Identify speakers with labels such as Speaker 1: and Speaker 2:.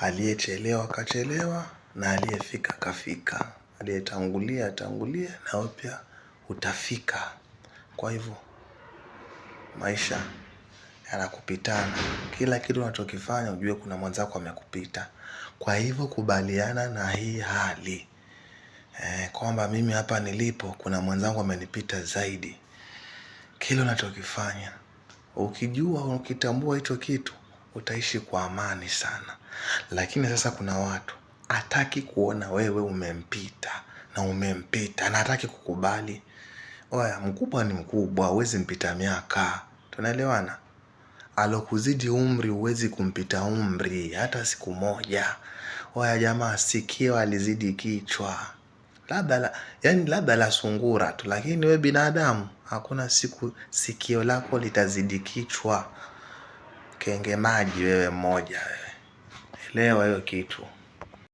Speaker 1: Aliyechelewa kachelewa na aliyefika kafika. Aliyetangulia atangulia na wewe pia utafika. Kwa hivyo maisha yanakupitana. Kila kitu unachokifanya ujue kuna mwenzako amekupita. Kwa hivyo kubaliana na hii hali eh, kwamba mimi hapa nilipo kuna mwenzangu amenipita zaidi. Kile unachokifanya ukijua ukitambua hicho kitu utaishi kwa amani sana. Lakini sasa kuna watu hataki kuona wewe umempita na umempita na hataki kukubali. Oya, mkubwa ni mkubwa, huwezi mpita miaka, tunaelewana. Alokuzidi umri huwezi kumpita umri hata siku moja. Oya jamaa, sikio alizidi kichwa, labda la, yani labda la sungura tu, lakini we binadamu, hakuna siku sikio lako litazidi kichwa kenge maji wewe mmoja wewe, elewa hiyo kitu.